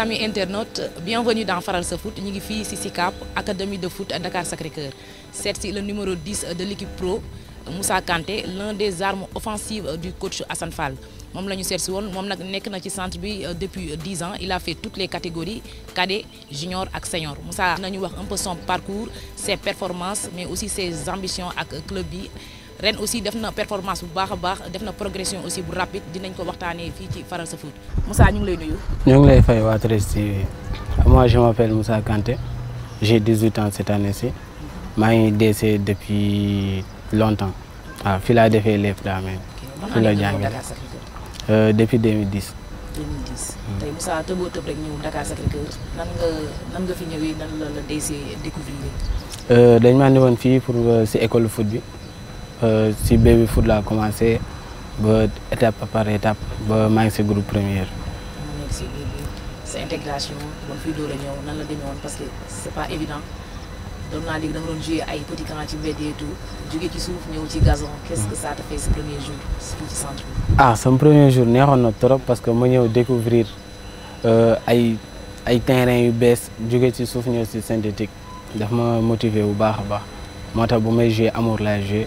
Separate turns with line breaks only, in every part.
amis internautes bienvenue dans Faral foot sommes ici académie de foot à Dakar Sacré-Cœur c'est le numéro 10 euh, de l'équipe pro Moussa Kanté l'un des armes offensives euh, du coach Hassan Fall moom la centre euh, depuis 10 ans il a fait toutes les catégories cadet junior et senior Moussa nous wax un peu son parcours ses performances mais aussi ses ambitions le club ren aussi def na performance bu baax a baax def na progression aussi bu rapide dinañ ko waxtaanee fii ci Faral sa foot Moussa ñu ngi lay nuyu.
ñu ngi lay fay waa 13TV moi je m'appelle Moussa Kanté j'ai 18 ans cette année-ci maa ngi DC depuis longtemps waaw ah, fii laa defee lépp daa mel. fii la jàngee euh, depuis 2010.
2010 tey Moussa tëboo tëb rek ñëw Dakar Sacré-Cœur nan nga nan nga fi ñëwee nan la la DC découvrir.
Euh, dañ maa ne woon fii pour euh, si école foot bi. Euh, si baby foot a commencé ba étape par étape ba maa c'est groupe première.
C'est intégration bon fii doo la nan la demee parce que c'est pas évident doon naa léegi da nga doon jouer ay petit quand ci mbedd et tout jóge ci suuf ñëw ci gazon qu'est-ce que ça te fait ce premier jour fii ci centre
ah son premier jour neexoon na trop parce que ma ñëw découvrir euh, ay ay terrain yu bees jóge ci suuf ñëw si synthétique daf ma motiver bu baax moi, baax moo tax bu may jouer amour laay jouer.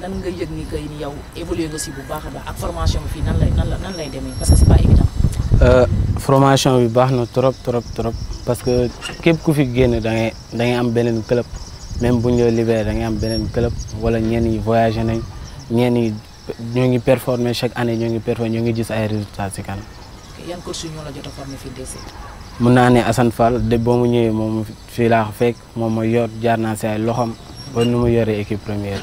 nan nga yëg ni kay ni yow évoluer nga si bu baax ba ak formation fi nan lay nan la nan lay demee parce
que c'est pas évident euh formation bi baax na trop trop trop parce que képp ku fi génn da ngay da ngay am beneen club même bu ñu libéré da ngay am beneen club wala ñenn yi voyagé nañ ñenn yi ñoo ngi performer chaque année ñoo ngi performer ñoo ngi gis ay résultats si kanam
la jot former fii DC
mun naa ne Assane Fall de boo mu ñëwee moom fii laa ko fekk moom ma yor jaar naa si ay loxam ba nu mu yoree équipe première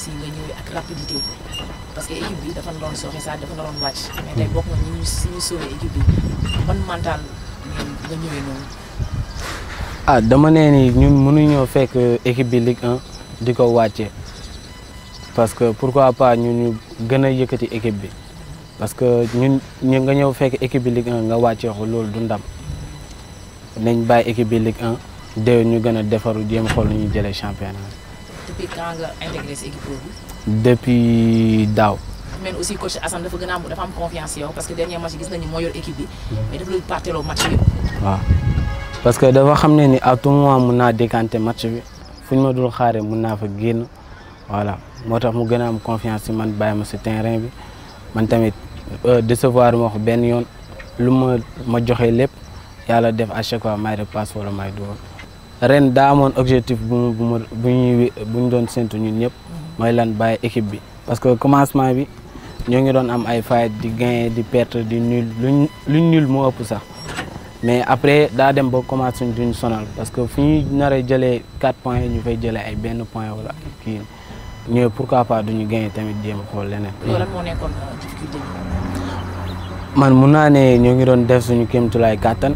aussi nga ñëwee ak rapidité parce que équipe bi dafa doon sooxe saa dafa naroon wàcc. ñu nga ñëwee noonu.
ah dama nee ni ñun ñëw fekk équipe bi Ligue 1 di ko wàcce parce que pourquoi pas ñun ñu gën a yëkkati équipe bi parce que ñun ñu nga ñëw fekk équipe bi Ligue 1 nga wàccee ko loolu dundam nañ bàyyi équipe bi Ligue 1 déwén ñu gën a defaru jéem xool nu ñuy jëlee championnat.
depuis quand nga intégré si équipe
depuis daw.
mais aussi coach Assane dafa gën a am dafa am confiance yow parce que dernier match gis nañu moo yor équipe bi mais dafa partir parteloo match bi.
parce que dafa xam ni à tout moment mun naa décanter match bi match. ñu ma dul xaaree mun naa fa voilà Moi, tax mu am confiance ci man bàyyi ma terrain bi man tamit euh, décevoir mo wax benn yoon lu ma ma joxe lépp yàlla def à chaque fois may repasse wala may doon ren da amone objectif bu mu bu mu doon sentu ñun ñep mooy lan bàyyi équipe bi parce que commencement bi ñoo ngi doon am ay fight di gagner di perdre di nul luñ luñ nul mo ëpp sax mais après da dem ba commencé duñ sonal parce que fu ñuy jëlé 4 points ñu fay jëlé ay benn point wala ki ñooy pourquoi pas duñu gagner tamit jéem a xool leneen. loolu
moo nekkoon euh,
man mu naa ne ñoo ngi doon def suñu kemtulay kàttan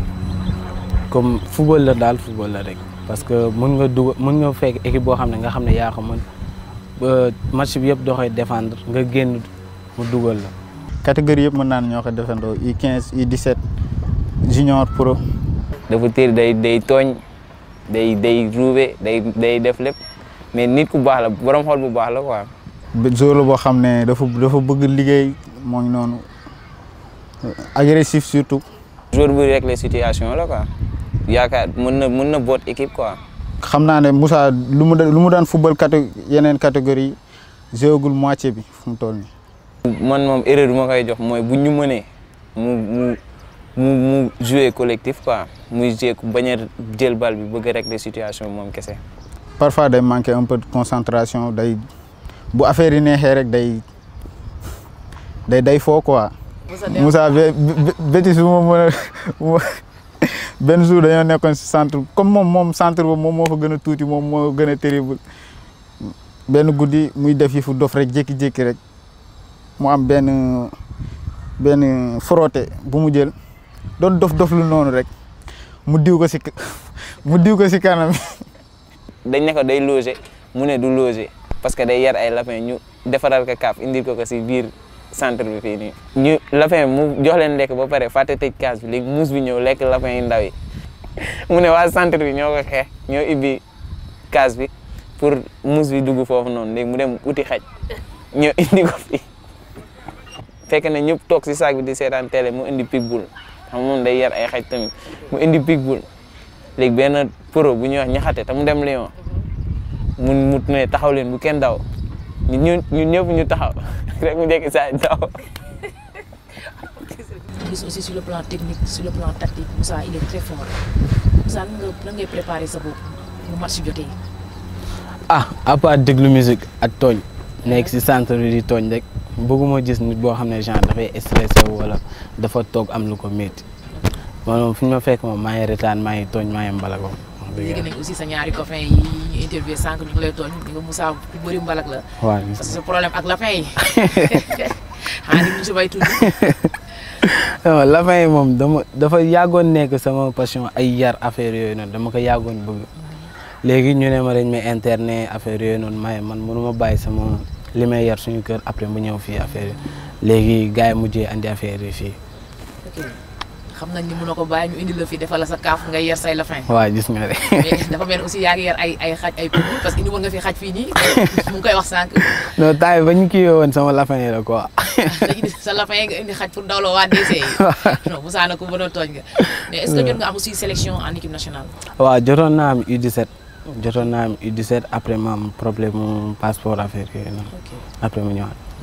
comme football la dal football la rek parce que mën nga dugg mën nga fekk équipe boo xam ne nga xam ne yaa ko mën match bi
yëpp doo koy défendre nga génn mu dugal la. catégorie yëpp mën naa ne ñoo koy défendoo 15 i 17 junior pro.
dafa teel day day tooñ day day ruube day day def lépp mais nit ku baax la borom xol bu baax la quoi.
joueur la boo xam ne dafa dafa bëgg liggéey moo ngi noonu agressif surtout.
joueur bu rek les situations la quoi. yaakaar mën na mën na boot équipe quoi.
xam naa ne Moussa lu mu daan lu mu daan football caté yeneen catégorie jéegul moitié bi fu mu toll nii.
man moom erreur bi kay jox mooy bu ñu mënee mu
mu mu mu
jouer collectif quoi muy jouer bañ jël bal bi bëgg rek de situation moom kese.
parfois day manqué un peu de concentration day bu affaire yi neexee rek day day day foo quoi. Moussa bétis benn jour dañoo nekkoon si centre comme moom moom centre ba moom moo fa gën a tuuti moom moo gën a terrible benn guddi muy def yi fu dof rek jékki-jékki rek mu am benn benn frotté bu mu jël doon dof dof noonu rek mu diw ko si mu diw ko si kanam.
dañ ne day loge mu ne du loge parce que day yar ay lapin ñu defaral ko kaaf indil ko ko si biir. centre bi fii ñu lapin mu jox leen lekk ba pare fàtte tëj kaas bi léegi muus bi ñëw lekk lapin yi ndaw yi mu ne waa centre bi ñoo ko xeex ñoo ibbi kaas bi pour muus bi dugg foofu noonu léegi mu dem uti xaj ñoo indi ko fii na ñëpp toog si saak bi di seetaan télé mu indi pitbull xam moom xaj tamit mu indi pitbull léegi benn pro bu ñuy ñaxate te dem Lyon mu mu ne taxaw leen bu kenn daw ñun ñun ñëpp ñu taxaw rek mu njëkk Sadio Ndao.
gis aussi sur le plan technique sur le tactique Moussa il est très fort Moussa sa bopp mu match jotee.
ah à part déglu musique ak tooñ nekk si centre bi di tooñ rek bëgguma gis nit boo xam ne genre dafay stressé wala dafa toog am lu ko métti. maanaam fu ñu ma fekk moom maa ngi retaan maa tooñ maa ngi mbalakoo dégg nañ
aussi sa ñaari copain yi sànq ñu ngi lay tooñ ñu nga la parce ak lapin
moom dama dafa yàggoon nekk sama passion ay yar affaire yooyu noonu dama ko yàggoon bëgg léegi ñu ne ma dañ may internet affaire yooyu noonu may man mënuma bàyyi sama li may yar suñu kër après mu ñëw fii affaire yi léegi gars yi mujjee andi affaire fii
xam nañ ni a ko bàyyi ñu indi la fi defal la sa kaaf nga yer say la fin.
waaw gis nga de. mais
dafa mel aussi yaa ngi yer ay xaj ay poudre parce que indi woon nga fi xaj fii nii mu ngi koy wax sa
non temps ba ñu kii woon la ko ah,
sa la indi xaj pour dawloo waa DC yi. non saana ko mënoon tooñ nga. mais est ce que jot nga am aussi sélection en équipe nationale.
waaw jotoon naa am u après ma problème mu passeport affaire yooyu noonu. après mu ñëwaat.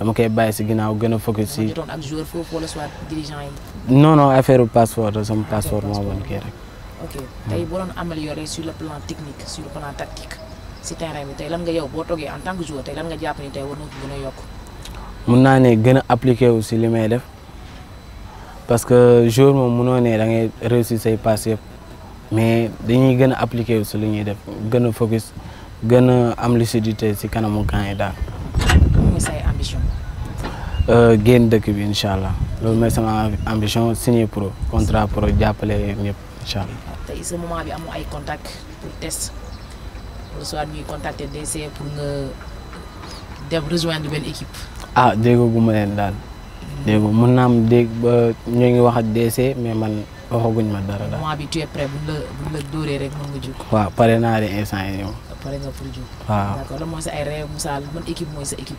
dama koy bàyyi si ginnaaw gën a focus si.
ak joueur foofu wala soit dirigeant yi.
non non affaire passeport la sama passeport moo woon kii rek. ok tey
boo doon améliorer sur le plan technique sur le plan tactique si terrain bi tey lan nga yow boo toogee en tant que joueur tey lan nga jàpp ni tey war na ko gën a yokk.
mun naa ne gën a appliqué wu si li may def parce que jour moom munoo ne da ngay réussir say passe yëpp mais dañuy gën a appliqué wu si li ñuy def gën a focus gën a am lucidité si kanamu camp yi daal. ambition. Euh, génn dëkk bi incha allah loolu mooy sama ambition signer pro contrat pro jàppale ñëpp incha allah. Ah,
tey ce moment bi amoo ay contact pour test soit ñuy contacter DC pour nga dem rejoindre benn équipe.
ah déggoo gu ma leen daal. déggoo mun naa am dégg ba ñoo ngi wax ak DC mais man waxaguñ ma dara daal.
moment bi nga jóg.
waaw pare naa de instant yii ñëw.
équipe mooy sa équipe.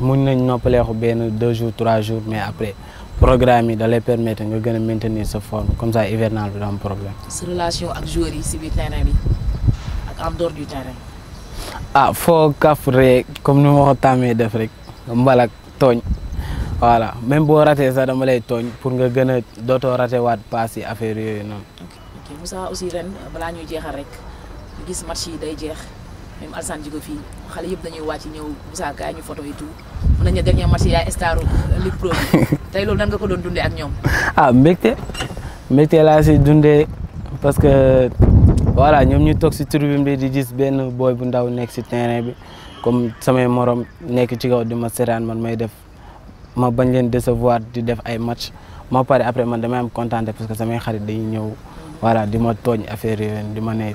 mun nañ deux jours trois jours mais après programme permet de maintenir sa forme comme ça hivernal bi pas de problème.
Cette relation ak joueurs terrain en dehors du terrain.
ah faut comme nous avons voilà même si raté ça, pour nga d'autres affaire des
non. aussi ren même Alassane ji ko fii xale yëpp dañuy wàcc ñëw Moussa ñu photo et tout mun nañu tey loolu nan nga ko doon dundee ak ñoom.
ah mbégte mbégte laa si dundee parce que voilà ñoom ñu toog si tribune bi di gis benn booy bu ndaw nekk si terrain bi comme samay morom nekk ci kaw di ma seraan man may def ma bañ leen décevoir di def ay match ma pare après man damay am parce que samay xarit dañuy ñëw mm. voilà di ma tooñ affaire yooyu di ma ne.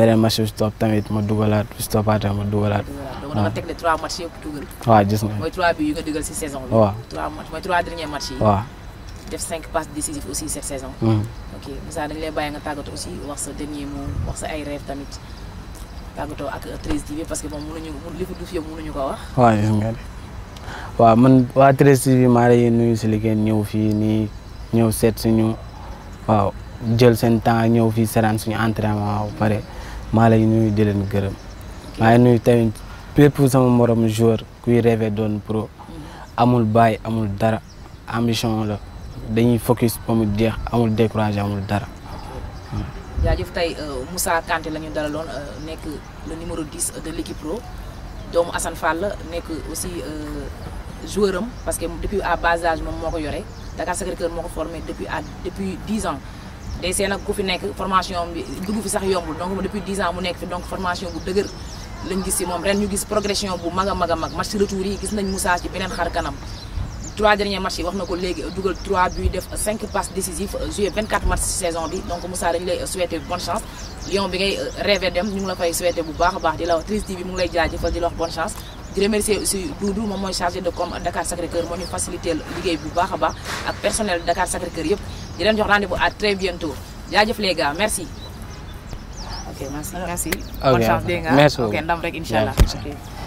beneen match bi stop topp tamit ma dugalaat bi si toppaat ma dugalaat. waaw da nga teg
les trois matchs yëpp dugal. wa gis nga moy trois bi yu nga dugal ci saison bi. wa trois matchs moy trois derniers matchs yi. wa def cinq passes décisives aussi cette saison. hmm ok Moussa dañ lay baye nga tagato aussi wax sa dernier mot wax sa ay rêve tamit tagato ak 13 TV parce que moom mënuñu li ko yo yëpp mënuñu ko wax.
wa gis nga wa man wa 13 TV ma lay nuyu si liggéey ñëw fii nii ñëw seet suñu waaw jël sen temps ñew fi seraan suñu entraînement wa ba hmm. maa lay nuyu di leen gërëm maa ngi nuyu tamit bépp sama morom joueur kuy rêvé doon pro amul bàyyi amul dara ambition la dañuy focus ba mu jeex amul découragé amul dara.
jaajëf tey euh, Moussa Kanté la ñu dalaloon euh, nekk le numéro 10 euh, de l'équipe pro doomu Assane Fall nekk aussi joueur am parce que depuis à bas âge moom moo ko yore Dakar Sacré-Cœur moo ko formé depuis à depuis 10 ans day seen ak ku fi nek formation bi dugg fi sax yomb donc depuis 10 ans mu nek fi donc formation bu deuguer lañu gis si moom ren ñu gis progression bu maga maga mag match retour yi gis nañ Moussa ci benen xar kanam. trois derniers matchs yi wax na ko léegi dugal 3 buts def 5 passes décisives jouer 24 matchs ci saison bi donc Moussa dañ lay souhaiter bonne chance Lyon bi ngay rêvé dem ñu ngi la koy souhaité bu baax a baax di la wax Tris TV mu ngi lay jaajëfal di la wax bonne chance. di remercier aussi Doudou moom mooy chargé de com Dakar Sacré Cœur mo ñu faciliter liggéey bu baax a baax ak personnel Dakar Sacré Cœur yépp di leen jox rendez-vous à très bientôt jaajëf les merci. ok merci merci. ok bonne chance dégg nga ok ndam rek incha
allah.